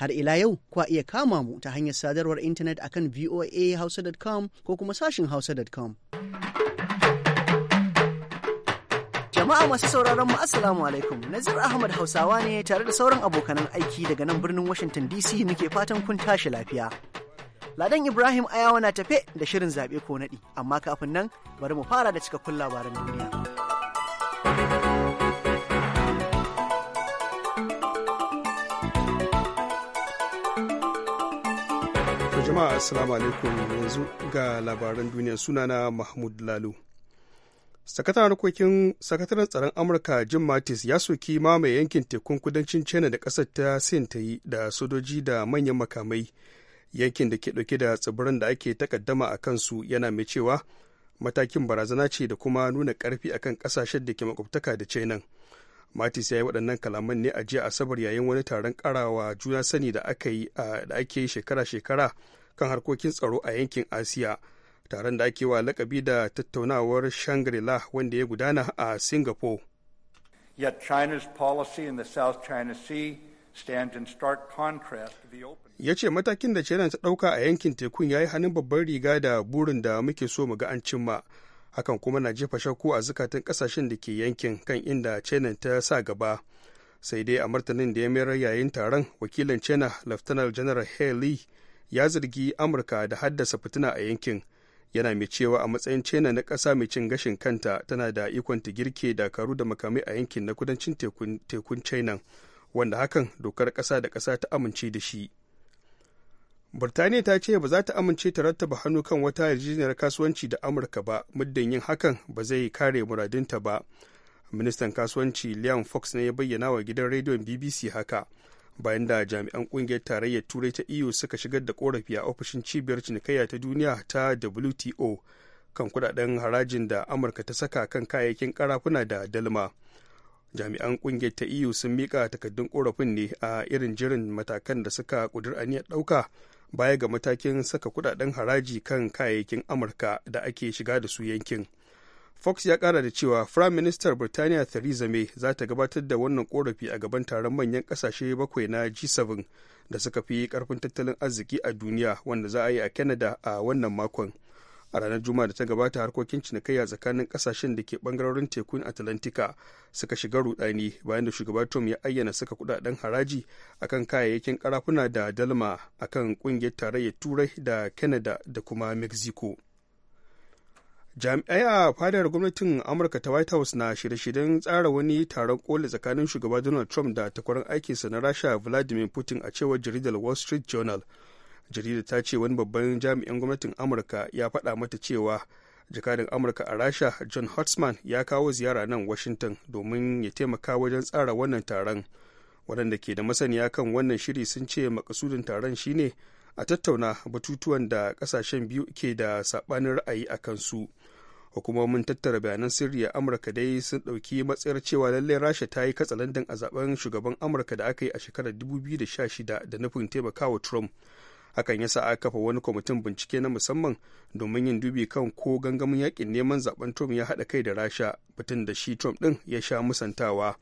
har ila yau kwa iya kama mu ta hanyar sadarwar intanet akan voahausa.com ko kuma sashin hausa.com. Jama'a masu sauraron mu Assalamu alaikum Nazir Ahmad Hausawa ne tare da sauran abokanan aiki daga nan birnin Washington DC muke fatan kun tashi lafiya. Ladan Ibrahim Ayawa na tafe da shirin zaɓe ko naɗi, amma kafin nan bari mu fara da cikakkun labaran duniya. jama'a assalamu alaikum yanzu ga labaran duniya sunana mahmud lalu sakataren tsaron amurka jim mattis ya soki mamaye yankin tekun kudancin china da kasar ta sin ta yi da sojoji da manyan makamai yankin da ke dauke da tsibiran da ake takaddama a kansu yana mai cewa matakin barazana ce da kuma nuna karfi akan kasashen da ke makwabtaka da china matis ya yi waɗannan kalaman ne a jiya asabar yayin wani taron karawa juna sani da ake yi shekara-shekara kan harkokin tsaro a yankin asiya taron da ake wa lakabi da tattaunawar shangri-la wanda ya gudana a singapore yet policy in the south china sea ya ce matakin da china ta ɗauka a yankin tekun ya yi hannun babban riga da burin da muke so mu ga an cimma hakan kuma na jefa shakku a zukatan kasashen da ke yankin kan inda china ta sa gaba sai dai a martanin da ya mayar yayin taron wakilin china lieutenant general haley ya zargi amurka da haddasa fitina a yankin yana mai cewa a matsayin china na ƙasa mai cin gashin kanta tana da ikon ta girke dakaru da makamai a yankin na kudancin tekun china wanda hakan dokar ƙasa da ƙasa ta amince da shi Birtaniya ta ce ba za ta amince ta rattaba hannu kan wata yarjejeniyar kasuwanci da Amurka ba, muddin yin hakan ba zai kare muradinta ba. Ministan kasuwanci Liam Fox ne ya bayyana wa gidan rediyon BBC haka, bayan da jami'an kungiyar tarayyar turai ta eu suka shigar da korafi a ofishin cibiyar cinikayya ta duniya ta wto kan kudaden harajin da amurka ta saka kan kayayyakin karafuna da dalma jami'an kungiyar ta eu sun mika takaddun korafin ne a irin jirin matakan da suka kudur aniyar dauka baya ga matakin saka kudaden haraji kan kayayyakin amurka da ake shiga da su yankin fox ya kara da cewa prime minister birtaniya theresa may za ta gabatar da wannan korafi a gaban taron manyan kasashe bakwai na g7 da suka fi karfin tattalin arziki a duniya wanda za a yi a canada a wannan makon a ranar juma'a da ta gabata harkokin cinikayya tsakanin kasashen da ke bangarorin tekun atlantika suka shiga rudani bayan da shugaba tom ya ayyana saka kudaden haraji akan kayayyakin karafuna da dalma akan kungiyar tarayyar turai da canada da kuma mexico jami'ai a fadar gwamnatin amurka ta white house na shirye-shiryen tsara wani taron koli tsakanin shugaba donald trump da takwarar aikinsa na rasha vladimir putin a cewar jaridar wall street journal jaridar ta ce wani babban jami'in gwamnatin amurka ya faɗa mata cewa jakadan amurka a rasha john hotsman ya kawo ziyara nan washington domin ya taimaka wajen tsara wannan taron waɗanda ke da masaniya kan wannan shiri sun ce makasudin taron shine a tattauna batutuwan da kasashen biyu ke da saɓanin ra'ayi a kansu hukumomin tattara bayanan sirri a amurka dai sun ɗauki matsayar cewa lallai rasha ta yi katsalandan a zaben shugaban amurka da aka yi a shekarar 2016 da nufin taimakawa trump hakan ya sa aka kafa wani kwamitin bincike na musamman domin yin dubi kan ko gangamin yakin neman zaben trump ya haɗa kai da rasha batun da shi trump ɗin ya sha musantawa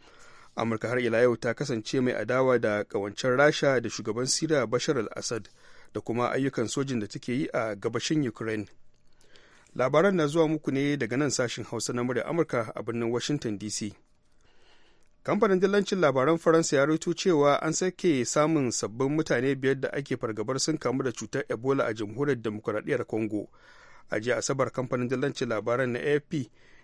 amurka har ila yau ta kasance mai adawa da ƙawancen rasha da shugaban bashar al-assad da kuma ayyukan sojin da take yi a gabashin ukraine labaran na zuwa muku ne daga nan sashin hausa na murya amurka a birnin washington dc kamfanin dillancin labaran faransa ya rito cewa an sake samun sabbin mutane biyar da ake fargabar sun kamu da cutar ebola a jamhuriyar demokuraɗiyyar congo a jiya asabar kamfanin dillancin labaran na afp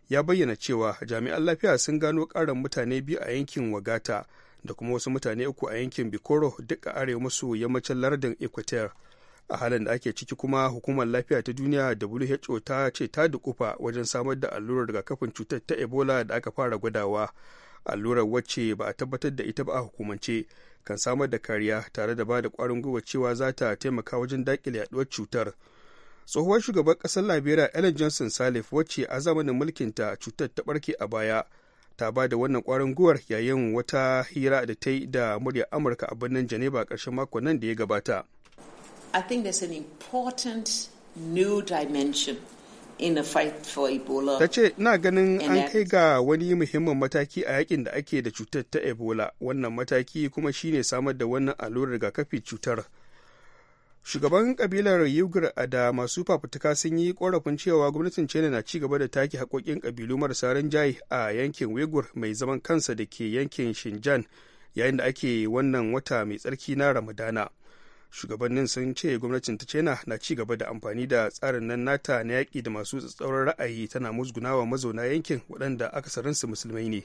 ya bayyana cewa jami'an lafiya sun gano ƙarin mutane biyu a yankin wagata da kuma wasu mutane uku a yankin bikoro duk a arewa maso yammacin lardin equateur a halin da ake ciki kuma hukumar lafiya ta duniya who ta ce ta dukufa wajen samar da allurar kafin cutar ta ebola da aka fara gwadawa allurar wacce ba a tabbatar da ita ba a hukumance kan samar da kariya tare da ba da kwarin gwiwa cewa za ta taimaka wajen dakile yaduwar cutar tsohuwar shugaban kasar liberia ellen johnson salif wacce a zamanin mulkinta cutar ta barke a baya ta ba da wannan kwarin guwar yayin wata hira da ta yi da murya amurka a birnin geneva karshen mako nan da ya gabata i think there's an important new dimension ta ce na ganin an kai ga wani muhimmin mataki a yakin da ake da cutar ta ebola wannan mataki kuma shine samar da wannan allurar rigakafi cutar shugaban kabilar yugur a da masu fafutuka sun yi korafin cewa gwamnatin china na ci gaba da take haƙoƙin kabilu marasa rinjaye a yankin uyghur mai zaman kansa da ke yankin shinjan yayin da ake wannan wata mai tsarki na ramadana shugabannin sun ce gwamnatin ta china na ci gaba da amfani da tsarin nan nata na yaƙi da masu tsatsauran ra'ayi tana musgunawa mazauna yankin waɗanda akasarinsu musulmai ne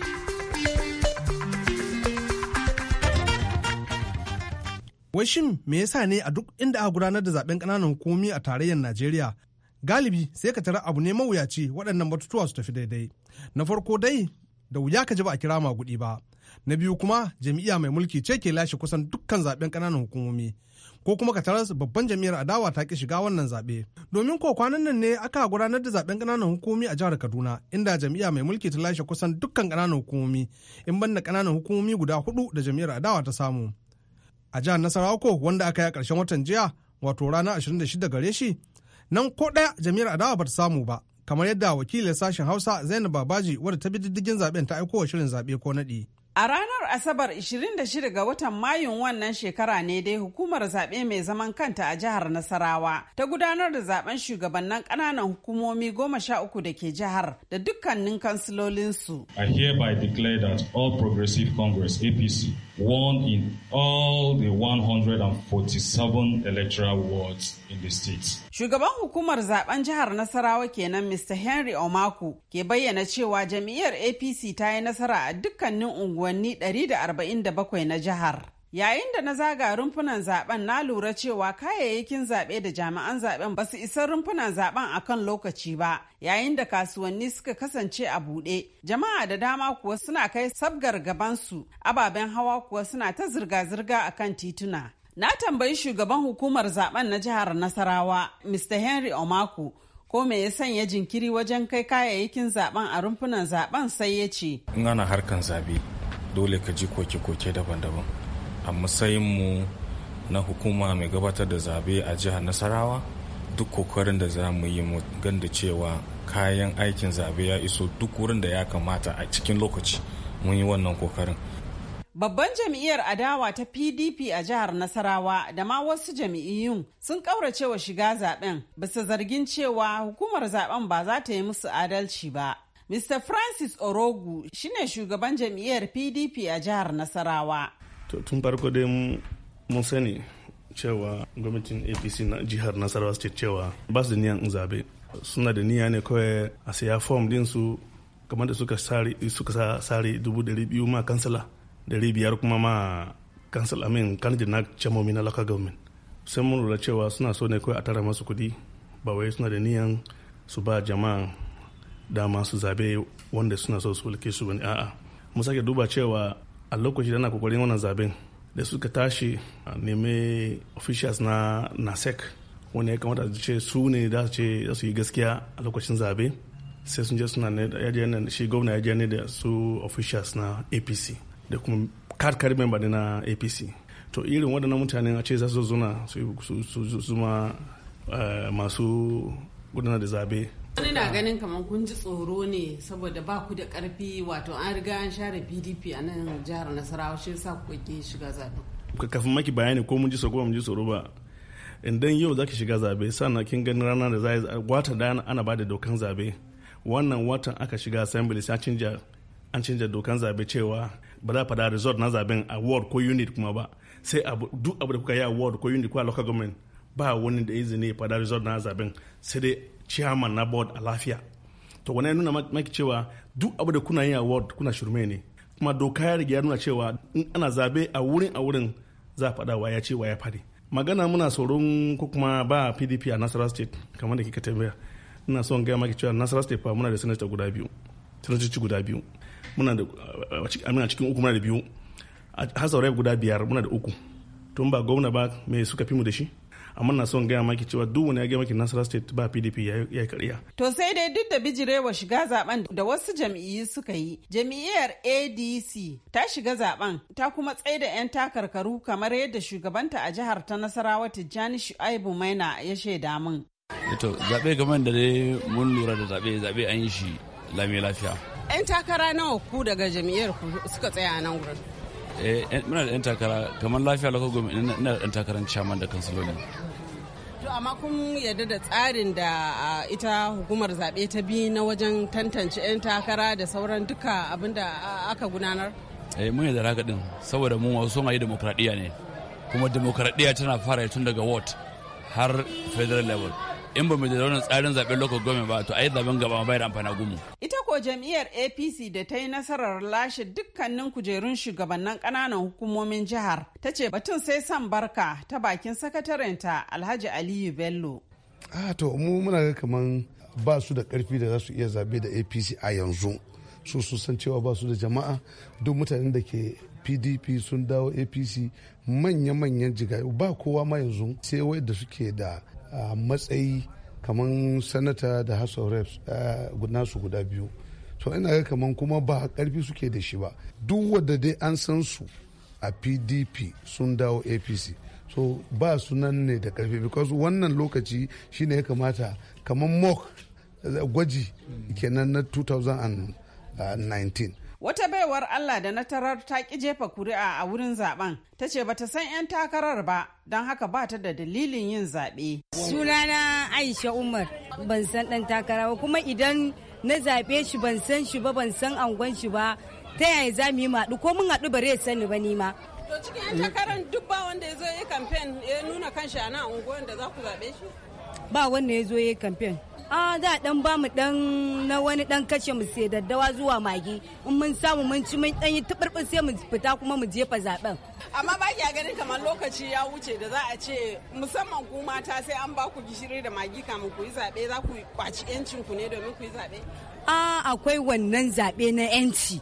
Wai shin me yasa ne a duk inda aka gudanar da zaben kananan hukumomi a tarayyar Najeriya galibi sai ka tara abu ne mawuyaci waɗannan batutuwa su tafi daidai. Na farko dai da wuya ka ji ba a kira maguɗi ba. Na biyu kuma jami'a mai mulki ce ke lashe kusan dukkan zaben kananan hukumomi. Ko kuma ka tara babban jami'ar adawa ta ki shiga wannan zaɓe. Domin ko kwanan nan ne aka gudanar da zaben kananan hukumomi a jihar Kaduna inda jami'a mai mulki ta lashe kusan dukkan kananan hukumomi in banda kananan hukumomi guda hudu da jam'iyyar adawa ta samu. a jihar nasarawa uku wanda aka yi a ƙarshen watan jiya wato ranar 26 gare shi nan ko ɗaya jami'ar adawa ba ta samu ba kamar yadda wakilin sashen hausa zainab babaji wadda ta bi diddigin zaben ta aiko wa shirin zaɓe ko naɗi. A ranar Asabar 26 ga watan Mayun wannan shekara ne dai hukumar zaɓe mai zaman kanta a jihar Nasarawa ta gudanar da zaben shugabannin kananan hukumomi goma sha uku da ke jihar da dukkanin kansilolinsu. I hereby declare that all progressive congress APC won in all the 147 electoral wards in the state. Shugaban hukumar zaben jihar Nasarawa kenan Mr. Henry Omaku ke bayyana cewa jam'iyyar APC ta yi nasara a dukkanin unguwanni 147 na jihar. Yayin da na zaga rumfunan zaben na lura cewa kayayyakin zaɓe da jami'an zaben basu isa rumfunan zaben a kan lokaci ba, yayin da kasuwanni suka kasance a buɗe. Jama'a da dama kuwa suna kai sabgar gabansu, ababen hawa kuwa suna ta zirga-zirga a kan tituna. Na tambayi shugaban hukumar zaben na jihar Nasarawa, Mr. Henry omaku ko me ya sanya jinkiri wajen kai kayayyakin zaben a rumfunan zaben sai ya ce. In ana harkan zabe, dole ka ji koke-koke daban-daban. a mu na hukuma mai gabatar da zabe a jihar nasarawa duk kokarin da za mu yi mu ganda cewa kayan aikin zabe ya iso duk wurin da ya kamata a cikin lokaci mun yi wannan kokarin Babban jam'iyyar adawa ta PDP a jihar Nasarawa da ma wasu jam'iyyun sun kauracewa shiga zaben bisa zargin cewa hukumar zaben ba za ta yi musu adalci ba. Mr. Francis Orogu shine shugaban jam'iyyar PDP a jihar Nasarawa. to tun farko dai mun sani cewa gwamnatin apc na jihar nasarawa state cewa ba su da niyan zabe suna da niyya ne kawai a siya fom din su kamar da suka sari dubu dari biyu ma kansala dari biyar kuma ma kansala amin kanji na camomi na local government sai mun lura cewa suna so ne kawai a tara masu kudi ba wai suna da niyan su ba jama'a dama su zabe wanda suna so su mulke su bane a'a mu sake duba cewa a lokaci da na kokarin wannan zaben da suka tashi neme officials na nasec wani ya kamata da ce su ne da ce za su yi gaskiya a lokacin zabe sai sun je suna ne da shi gwamna ya da su officials na apc da kuma card memba ne na apc to irin waɗannan mutanen a ce za su zo zuna su zuma eh, masu gudanar da zabe wani na ganin kamar kun ji tsoro ne saboda ba ku da karfi wato an riga an share pdp a nan jihar nasarawa shi sa ku ke shiga zaɓe kafin maki bayani ko mun ji tsoro ba mun ji tsoro ba idan yau zaki shiga zabe sannan kin ganin rana da za a wata da ana ba da dokan zabe wannan watan aka shiga assembly sai canja an canja dokan zabe cewa ba za fada resort na zaben a ward ko unit kuma ba sai duk abu da kuka yi a ward ko unit ko a local government ba wani da izini ya fada resort na zaben sai dai chairman na board a lafiya to wani ya nuna maki cewa duk abu da kuna yin a ward kuna shirme ne kuma doka ya riga ya nuna cewa in ana zabe a wurin a wurin za a faɗa waya ce waya fari magana muna tsoron ko kuma ba pdp a nasara state kamar da kika tambaya ina son gaya maki cewa nasara state fa muna da sanata guda biyu sanatoci guda biyu muna da amina cikin uku muna da biyu a hasaurai guda biyar muna da uku tun ba gwamna ba me suka fi mu da shi amma na son gaya maki cewa duk wani ya gaya maki nasara state ba pdp ya karya. to sai dai duk da bijirewa shiga zaben da wasu jam'iyyu suka yi jam'iyyar adc ta shiga zaben ta kuma tsaye da 'yan takarkaru kamar yadda shugabanta a jihar ta nasarawa tijjani shu'aibu maina ya shaida min. to zaɓe game da dai mun lura da zaɓe zaɓe an yi shi lami lafiya. 'yan takara nawa ku daga jam'iyyar ku suka tsaya a nan gurin. Eh, muna da 'yan takara kamar lafiya lokacin government ina da 'yan takarar chairman da kansiloli to amma kun yarda da tsarin da ita hukumar zaɓe ta bi na wajen tantance 'yan takara da sauran duka abin da aka gudanar eh mun da raka din saboda mun wasu son ayi demokradiyya ne kuma demokradiyya tana fara tun daga ward har federal level in ba mu da wannan tsarin zaɓen lokacin gwamnati ba to yi zaben gaba ma bai da amfani gumu ko jam'iyyar APC da ta yi nasarar lashe dukkanin kujerun shugabannin kananan hukumomin jihar ta ce batun sai san barka ta bakin sakatarenta Alhaji Aliyu Bello. Ah, to mu muna ga kaman ba su da karfi da za su iya zabe da APC a yanzu. su su san cewa ba su da jama'a duk mutanen da ke pdp sun dawo apc manya-manyan jigayu ba kowa ma yanzu sai da suke da ah, matsayi kaman sanata da house of reps ah, nasu guda biyu so ina ga kaman kuma ba karfi suke da shi ba duk wadda dai an san su a pdp sun dawo apc so ba sunan ne da karfi because wannan lokaci shine ya kamata kaman mock eh, gwaji kenan na 2019 Wata baiwar Allah da na tarar ta ki jefa kuri'a a wurin zaben ta ce bata san 'yan takarar ba don haka ba ta da dalilin yin zaɓe. Sunana Aisha Umar ban san ɗan takara kuma idan na zaɓe shi ban san shi ba ban san angon shi ba ta yaya za mu yi maɗu ko mun haɗu ba zai sani ba ni ma. To cikin 'yan takarar duk ba wanda ya zo ya kamfen ya nuna kanshi a nan unguwar da za ku zaɓe shi? Ba wanda ya zo ya kamfen. a za a dan ba mu dan na wani dan kashe mu sai daddawa zuwa magi in mun samu mun ci mun dan yi sai mu fita kuma mu jefa zaben amma ba ki ganin kamar lokaci ya wuce da za a ce musamman ku mata sai an ba ku gishiri da magi kamun ku yi zabe za ku kwaci yancin ku ne domin ku yi zabe a akwai wannan zabe na yanci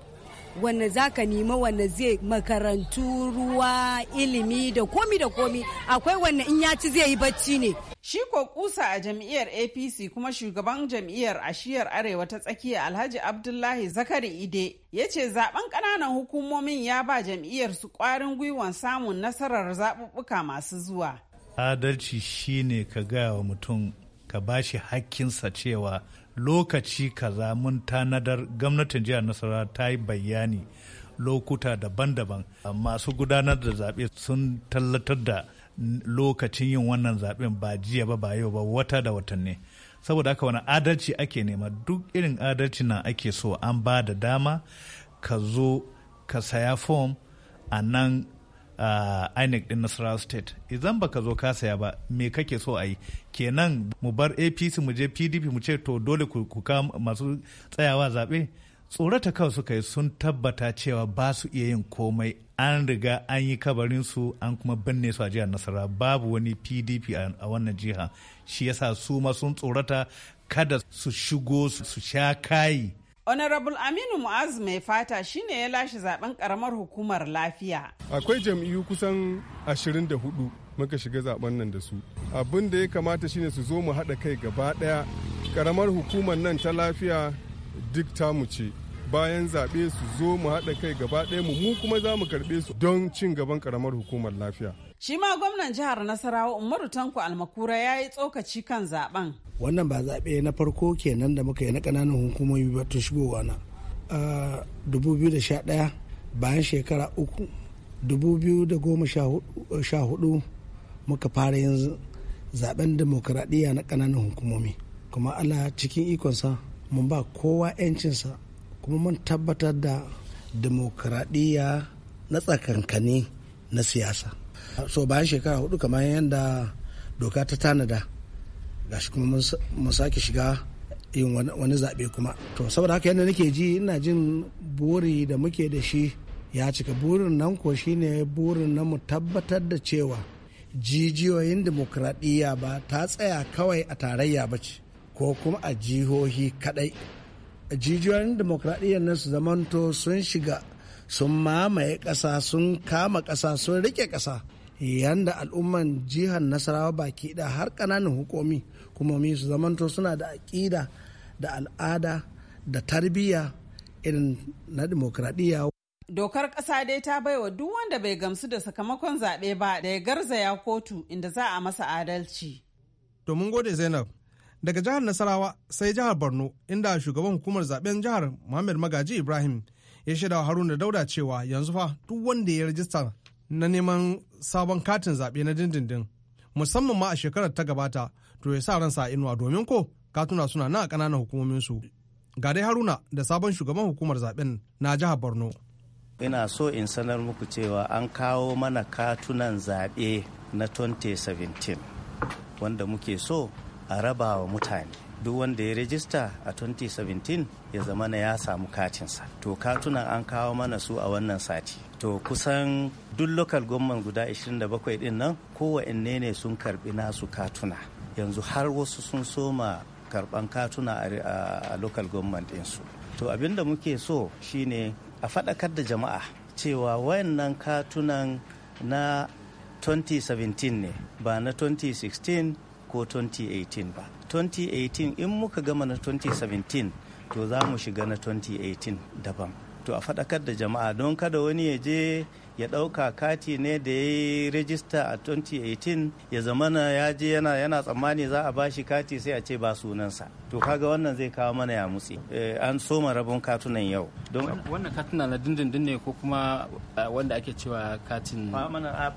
wanne za ka nima wanne zai makarantu ruwa ilimi da komi da komi akwai wanne in ya ci zai yi bacci ne Shi ko kusa a jam'iyyar APC kuma shugaban jam'iyyar ashiyar Arewa ta tsakiya Alhaji Abdullahi Zakari Ide ya ce zaben ƙananan hukumomin ya ba jam'iyyar su ƙwarin gwiwan samun nasarar zaɓuɓɓuka masu zuwa. Adalci shi ne ka gaya wa mutum ka ba shi hakkinsa cewa lokaci kaza mun tanadar gwamnatin jihar Nasarawa ta yi bayani lokuta daban-daban masu gudanar da zaɓe sun tallatar da lokacin yin wannan zaben ba jiya ba ba yau ba wata da watanni saboda haka wani adalci ake nema duk irin adalci na ake so an ba da dama ka zo ka saya fom a nan inec din nasarawa state idan ba ka zo ka saya ba me kake so a yi kenan mu bar apc mu je pdp mu ce to dole ku masu tsayawa zaɓe tsorata kawai suka yi sun tabbata cewa ba su iya yin komai an riga an yi kabarin su an kuma binne su a jihar nasara babu wani pdp a wannan jiha shi yasa su ma sun tsorata kada su shigo su sha kayi honorable aminu mu'az mai fata shine ya lashe zaben karamar hukumar lafiya akwai jam'iyyu kusan 24 muka shiga zaben nan da su abin da ya kamata shine su zo mu haɗa kai gaba ɗaya karamar hukumar nan ta lafiya duk tamu ce bayan zaɓe su zo mu haɗa kai gaba ɗaya mu mu kuma za mu karɓe su don cin gaban ƙaramar hukumar lafiya. Shi ma gwamnan jihar Nasarawa Umaru Tanko Almakura ya yi tsokaci kan zaɓen. Wannan ba zaɓe na farko kenan da muka yi na ƙananan hukumomi ba tun wa na. Dubu biyu da sha ɗaya bayan shekara uku, dubu biyu da goma sha hudu muka fara yin zaɓen demokuraɗiyya na ƙananan hukumomi. Kuma Allah cikin ikonsa mun ba kowa 'yancinsa kuma mun tabbatar da demokradiyya na tsakankani na siyasa so bayan shekara hudu kamar yadda doka ta tanada gashi kuma mun sake shiga yin wani zaɓe kuma to saboda haka yadda nake ji ina jin buri da muke da shi ya cika burin nan ko shine burin na mu tabbatar da cewa jijiyoyin demokradiyya ba ta tsaya kawai a tarayya ba ce ko kuma a jihohi kadai jijiyoyin demokradiyyar na su zamanto sun shiga sun mamaye ƙasa sun kama ƙasa sun rike ƙasa yanda al'umman jihar nasarawa baki da har ƙananan hukumi mi su zamanto suna da aƙida da al'ada da tarbiyya irin na demokradiyya dokar ƙasa dai ta baiwa duk wanda bai gamsu da sakamakon zaɓe ba da ya garzaya kotu inda za a masa adalci. To gode Zainab. daga jihar nasarawa sai jihar borno inda shugaban hukumar zaben jihar muhammad magaji ibrahim ya shaida wa haruna dauda cewa yanzu fa duk wanda ya rajista na neman sabon katin zaɓe na dindindin musamman ma a shekarar ta gabata to ya sa ransa inuwa domin ko katuna suna na ƙananan su ga dai haruna da sabon shugaban hukumar zaben na jihar borno ina so in sanar muku cewa an kawo mana katunan zaɓe na 2017 wanda muke so a raba wa mutane duk wanda ya rajista a 2017 ya zama na ya samu katinsa to katunan an kawo mana su a wannan sati to kusan duk lokal government guda 27 din nan kowanne ne sun karbi nasu katuna yanzu har wasu sun soma karban katuna a local government ɗinsu to abinda muke so shine a faɗakar da jama'a cewa wayannan katunan na 2017 ne ba na 2016 ko 2018 ba 2018 in muka gama na 2017 to za mu shiga na 2018 daban to a faɗakar da jama'a don kada wani ya je ya ɗauka kati ne da ya yi rajista a 2018 ya zamana ya je yana yana tsammani za a bashi kati sai a ce ba sunansa to kaga wannan zai kawo mana ya mutse eh, an soma rabon katunan yau don wannan katuna na dindindin ne ko kuma eh, wanda ake cewa katin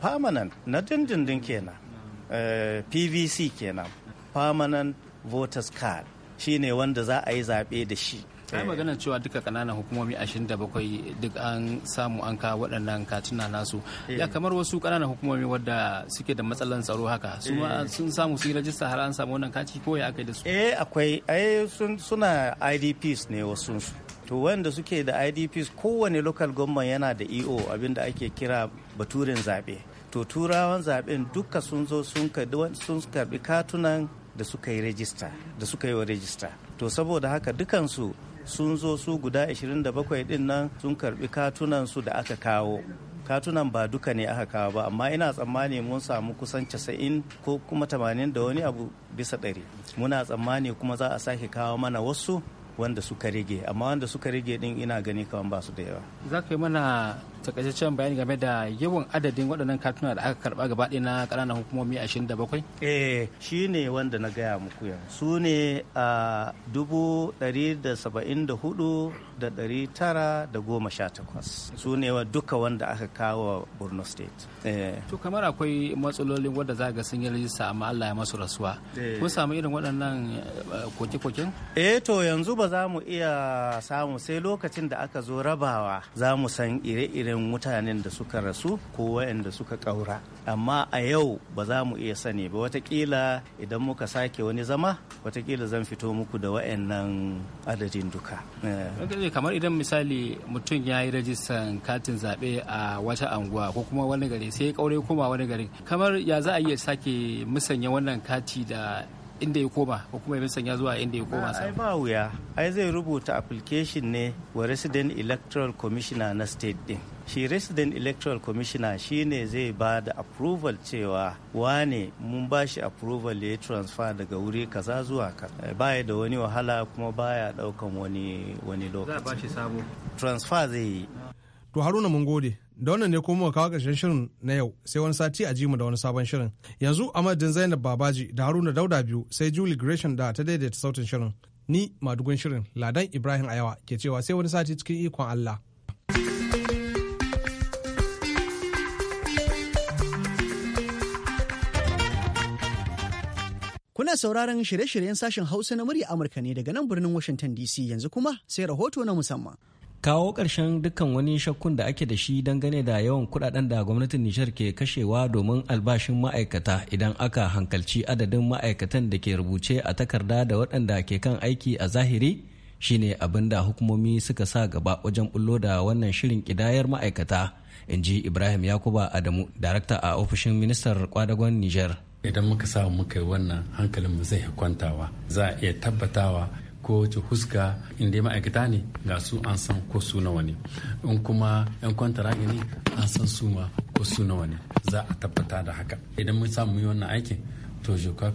permanent ah, na dindindin kenan Eh, pvc kenan permanent voters card shine wanda za a yi zaɓe da shi kai eh. magana cewa duka kananan hukumomi 27 duk an samu an kawo waɗannan katuna nasu eh. ya kamar wasu kananan hukumomi wadda suke da matsalan tsaro haka su ma sun samu su yi rajista har an samu wannan kaci ko ya aka da su eh akwai ai suna IDPs ne wasu su to wanda suke da IDPs kowane local government yana da EO abinda ake kira baturin zaɓe to turawan zaben duka sun zo sun karbi katunan da suka yi rajista da suka yi wa rajista to saboda haka dukansu sun zo su guda 27 din nan sun karbi katunan su da aka kawo katunan ba duka ne aka kawo ba amma ina tsammani mun samu kusan 90 ko kuma 80 da wani abu bisa ɗari muna tsammani kuma za a sake kawo mana wasu wanda suka rage amma wanda suka rage din ina gani kawan ba su da yawa za ka yi mana takaitaccen bayani game da yawan adadin waɗannan katuna da aka karba gaba ɗaya na ƙananan hukumomi 27? Eh, shi ne wanda na gaya muku yanzu. Su ne a dubu ɗari da saba'in da hudu da tara da goma sha takwas. Su ne wa duka wanda aka kawo Borno State. Eh. To kamar akwai matsalolin wanda za ga sun yi rajista amma Allah ya masu rasuwa. Eh. Kun samu irin waɗannan eh, koke-koken? Eh to yanzu ba za mu iya samu sai lokacin da aka zo rabawa za mu san ire-ire adadin mutanen da suka rasu ko waɗanda suka ƙaura amma a yau ba za mu iya sani ba watakila idan muka sake wani zama watakila zan fito muku da waɗannan adadin duka eh. kamar idan misali mutum ya yi rajistan katin zaɓe a wata anguwa ko kuma wani gari sai ya kaure koma wani gari kamar ya za a iya sake musanya wannan kati da inda ya koma ko kuma ya sanya zuwa inda ya koma sai ba wuya ai zai rubuta application ne wa resident electoral commissioner na state din shi resident electoral commissioner shi ne zai ba da approval cewa wane mun ba shi approval ya transfer daga wuri kaza zuwa ka eh, baya da wani wahala kuma baya daukan wani wani lokaci transfer zai yi to haruna mun gode da wannan ne kuma kawo ƙarshen shirin na yau sai wani sati a jimu da wani sabon shirin yanzu a madadin zainab babaji da haruna dauda biyu sai julie gresham da ta daidaita sautin shirin ni madugun shirin ladan ibrahim ayawa ke cewa sai wani sati cikin ikon allah Kuna sauraron shirye-shiryen sashen Hausa na murya Amurka ne daga nan birnin Washington DC yanzu kuma sai rahoto na musamman. Kawo ƙarshen dukkan wani shakkun da ake da shi dangane da yawan kuɗaɗen da gwamnatin Nijar ke kashewa domin albashin ma'aikata idan aka hankalci adadin ma'aikatan da ke rubuce a takarda da waɗanda ke kan aiki a zahiri shine abin da hukumomi suka sa gaba wajen bullo da wannan shirin ƙidayar ma'aikata, in ji Ibrahim Yakuba Adamu, darakta a ofishin ministar kwadagon Nijar. idan muka sa muka yi wannan hankalin mu zai kwantawa za a iya tabbatawa ko wace huska inda ma'aikata ne ga su an san ko su nawa ne in kuma yan kwantara ne an san su ma ko su nawa ne za a tabbata da haka idan mun samu yi wannan aikin to je ka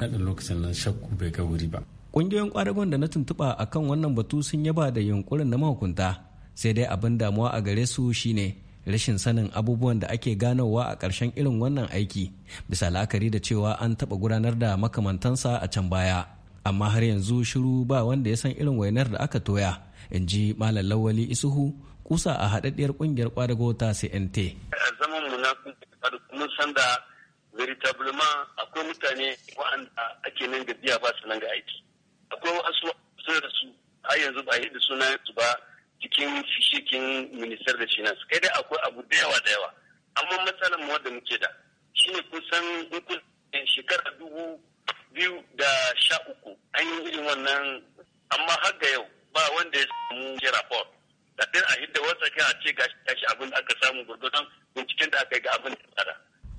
naɗin lokacin nan shakku bai ga wuri ba ƙungiyoyin ƙwararren da na tuntuɓa akan wannan batu sun yaba da yunkurin na mahukunta sai dai abin damuwa a gare su shine rashin sanin abubuwan da ake ganowa a ƙarshen irin wannan aiki bisa la'akari da cewa an taɓa gudanar da makamantansa a can baya amma har yanzu shiru ba wanda ya san irin wainar da aka toya in ji malam lawali isuhu kusa a haɗaɗɗiyar ƙungiyar kwadago ta cnt a zaman mu na san da akwai mutane waɗanda ake nan ga ba su nan aiki akwai wasu da su har yanzu ba yi da sunayen su ba cikin shikin ministar da finance kai dai akwai abu da yawa da yawa amma matsalar mu wadda muke da shine kusan shekara dubu biyu da sha uku an yi irin wannan amma har ga yau ba wanda ya samu ke rapport da a hidda wata kai a ce gashi abin da aka samu gurgurdan binciken da aka yi ga abin da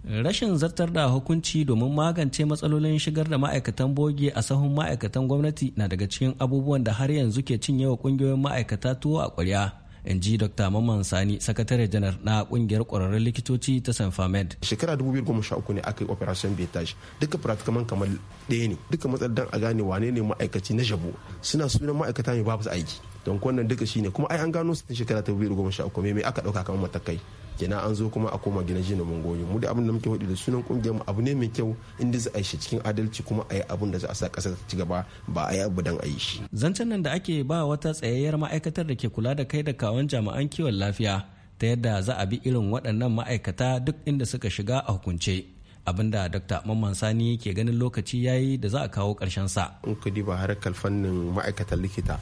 rashin zartar da hukunci domin magance matsalolin shigar da ma'aikatan boge a sahun ma'aikatan gwamnati na daga cikin abubuwan da har yanzu ke cinye wa kungiyoyin ma'aikata tuwo a kwarya in ji dr maman sani sakatare janar na kungiyar kwararren likitoci ta famed shekara 2013 ne aka yi operation betage duka pratikaman kamar ɗaya ne duka matsalar dan a gane wane ne ma'aikaci na jabo suna sunan ma'aikata ne babu aiki don wannan duka shine kuma ai an gano su tun shekara ta 2013 me aka ɗauka kamar matakai kenan an zo kuma a koma gina jina mun goyi mu da abin da muke hudu da sunan kungiyar mu abu ne mai kyau inda za a yi shi cikin adalci kuma a yi abin da za a sa kasar ta ci gaba ba a yi abu dan a yi shi zancen nan da ake ba wata tsayayyar ma'aikatar da ke kula da kai da kawon jami'an kiwon lafiya ta yadda za a bi irin waɗannan ma'aikata duk inda suka shiga a hukunce abinda dr mamman sani ke ganin lokaci yayi da za a kawo ƙarshen sa in ku diba harkar fannin maaikatar likita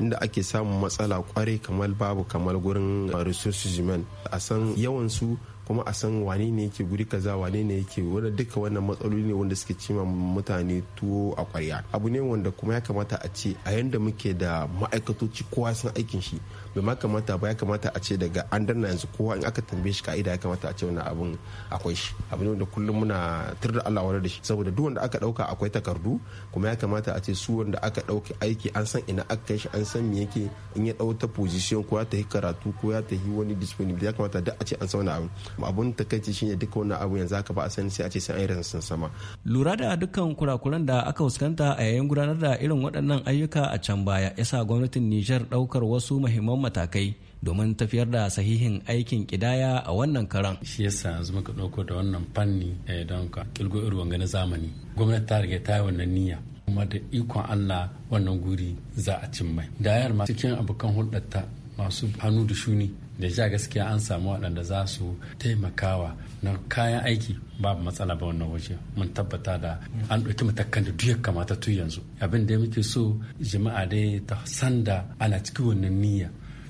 inda ake samun matsala kwarai kamar babu kamar gurin uh, resources man a san yawan su kuma a san wane ne yake guri kaza wane ne yake wanda duka wannan matsaloli ne wanda suke cima mutane tuwo a kwarya abu ne wanda kuma ya kamata a ce a yanda muke da ma'aikatoci kowa san aikin shi bai ma kamata ba ya kamata a ce daga an danna yanzu kowa in aka tambaye shi ka'ida ya kamata a ce wannan abun akwai shi abu ne wanda kullum muna tirda Allah wani da shi saboda duk wanda aka dauka akwai takardu kuma ya kamata a ce su wanda aka dauki aiki an san ina aka kai shi an san me yake in ya dau ta position ko ya tafi karatu ko ya tafi wani discipline ya kamata duk a ce an san wannan abu abun takaici shine duka wannan abu yanzu aka ba a san sai a ce sai an yi sama lura da dukkan kurakuran da aka fuskanta a yayin gudanar da irin waɗannan ayyuka a can baya yasa gwamnatin Niger daukar wasu muhimman matakai domin tafiyar da sahihin aikin kidaya a wannan karan. Shi yasa yanzu muka ɗauko da wannan fanni eh, don ka kilgo irin na zamani. Gwamnati ta riga ta yi wannan niyya. Kuma da ikon Allah wannan guri za a cin mai. Dayar ma cikin abokan hulɗarta masu hannu da shuni da ja gaskiya an samu waɗanda za su taimakawa na kayan aiki babu matsala ba wannan waje mun tabbata da an ɗauki matakan da duk kamata tun yanzu abin da muke so jama'a dai ta sanda ana cikin wannan niyya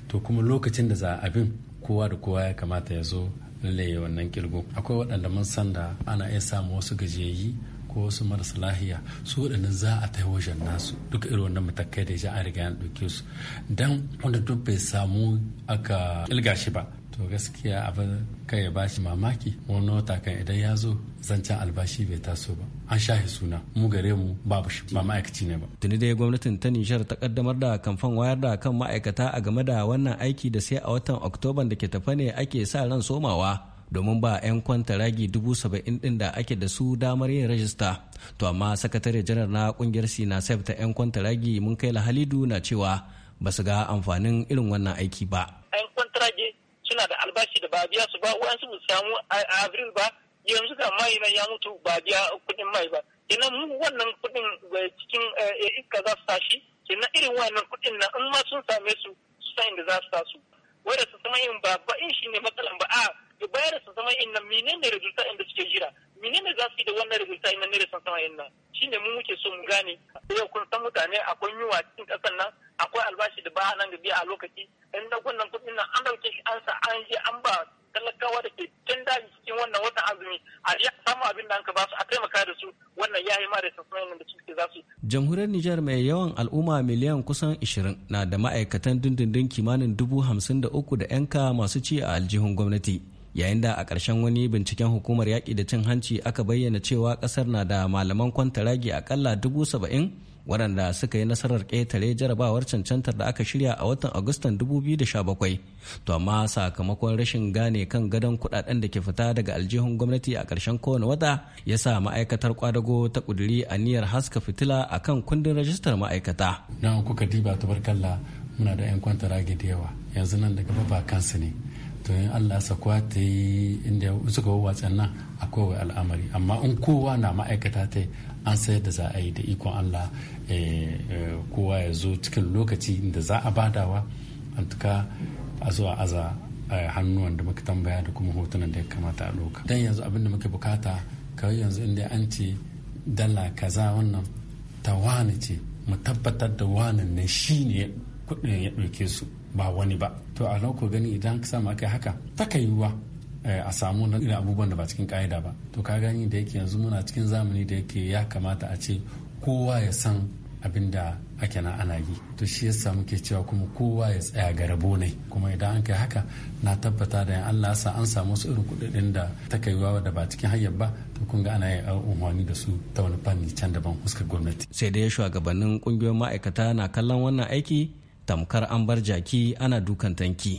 to kuma lokacin da za abin kowa da kowa ya kamata ya zo lallai wannan kirgo akwai waɗanda mun san da ana iya samu wasu gajiyayi ko wasu marasa lahiya su waɗanda za a ta wajen nasu duk irin wannan matakai da ja a riga ya ɗauke su dan wanda duk bai samu aka kilga shi ba to gaskiya abin kai ya bashi mamaki wani wata kan idan ya zo zancen albashi bai taso ba an shahi suna mu gare mu babu shi ba ma'aikaci ne ba tuni dai gwamnatin ta nishar ta kaddamar da kamfan wayar da kan ma'aikata a game da wannan aiki da sai a watan oktoban da ke tafa ne ake sa ran somawa domin ba 'yan kwanta ragi dubu saba'in din da ake da su damar yin rajista to amma sakatare janar na kungiyar sinasef ta 'yan kwanta ragi mun kai halidu na cewa ba su ga amfanin irin wannan aiki ba suna da albashi da ba biya su ba uwan su samu a abril ba yanzu ga mai na ya mutu ba biya kuɗin mai ba kenan mu wannan kuɗin eh, cikin eh, eh, iska za su tashi kenan irin wannan kudin na in ma sun same su su san da za su tasu wanda su zama yin ba ba in shine matsalan ba a bayar su zama yin nan menene resulta inda suke jira menene za su yi da wannan resulta inda ne da san sama yin nan shine mu muke so mu gane yau kun san mutane akwai yunwa cikin ƙasar nan akwai albashi da ba nan da biya a lokaci in na wannan kuɗin nan an dauke shi an sa an je an ba talakawa da ke can daji cikin wannan watan azumi a iya samu abin da an ka ba su a taimaka da su wannan ya yi mara da da suke za su. Jamhuriyar Nijar mai yawan al'umma miliyan kusan 20 na da ma'aikatan dindindin kimanin dubu hamsin da uku da 'yanka masu ci a aljihun gwamnati. yayin da a ƙarshen wani binciken hukumar yaƙi da cin hanci aka bayyana cewa ƙasar na da malaman kwantaragi akalla dubu saba'in waɗanda suka yi nasarar ƙetare jarabawar cancantar da aka shirya a watan agustan 2017 to amma sakamakon rashin gane kan gadon kuɗaɗen da ke fita daga aljihun gwamnati a ƙarshen kowane wata ya sa ma'aikatar kwadago ta ƙuduri niyyar haska fitila a kan kundin rajistar ma'aikata don kuka diba tabarkalla muna da 'yan kwanta rage da yawa yanzu nan daga baba kansu ne to in allah sakwa ta yi inda suka wawatsan nan akwai al'amari amma in kowa na ma'aikata ta an sayar da za a yi da ikon allah eh, eh, kowa ya zo cikin lokaci da za a badawa a tuka a zuwa aza eh, hannuwan da muka tambaya da kuma hotunan da ya kamata a doka dan yanzu abin da muka bukata kawai yanzu inda an ce dala kaza wannan ta wani ce mu tabbatar da wanan ne shi ne kudin ya ɗauke su ba wani ba to a lauko gani idan ka samu aka haka ta yiwuwa Eh, a samu irin abubuwan da ba cikin ka'ida ba to ka gani da yake yanzu muna cikin zamani da yake ya kamata a ce kowa ya san abin da ake na ana yi to shi yasa muke cewa kuma kowa ya tsaya ga rabo ne kuma idan an kai haka na tabbata da Allah sa an samu su irin kuɗiɗin da ta kai da ba cikin hanyar ba to kun ga ana yin umarni da su ta wani fanni can daban huskar gwamnati sai dai shugabannin kungiyoyin ma'aikata na kallon wannan aiki tamkar an bar jaki ana dukan tanki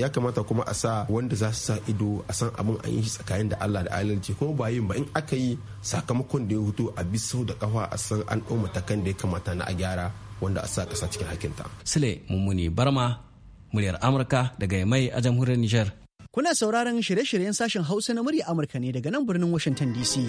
ya kamata kuma a sa wanda za su sa ido a san abin an yi shi tsakanin da Allah da adalci kuma ba yin ba in aka yi sakamakon da ya hutu a bisau da kafa a san an ɗau kan da ya kamata na a gyara wanda a sa ƙasa cikin hakinta. Sule Mummuni Barma muryar Amurka daga Yamai a jamhuriyar Nijar. Kuna sauraron shirye-shiryen sashen Hausa na murya Amurka ne daga nan birnin Washington DC.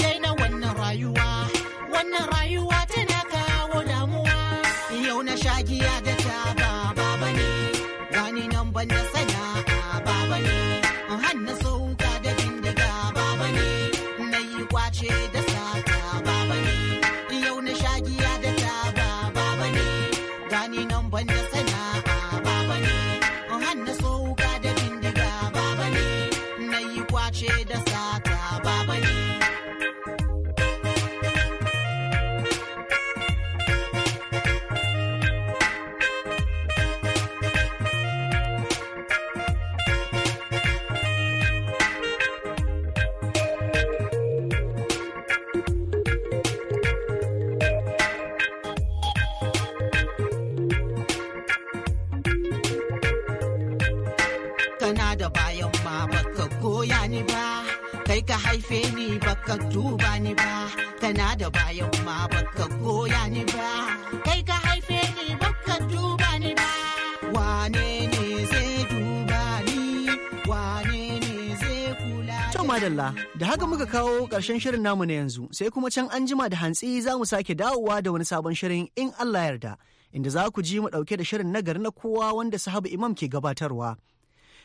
duba ni ba kana da bayan ma baka goya ni ba kai ka haife ni baka duba ni ba wane ne zai duba ni wane ne zai kula to madalla da haka muka kawo karshen shirin namu na yanzu sai kuma can anjima da hantsi za mu sake dawowa da wani sabon shirin in Allah yarda inda za ku ji mu dauke da shirin nagari na kowa wanda sahabu imam ke gabatarwa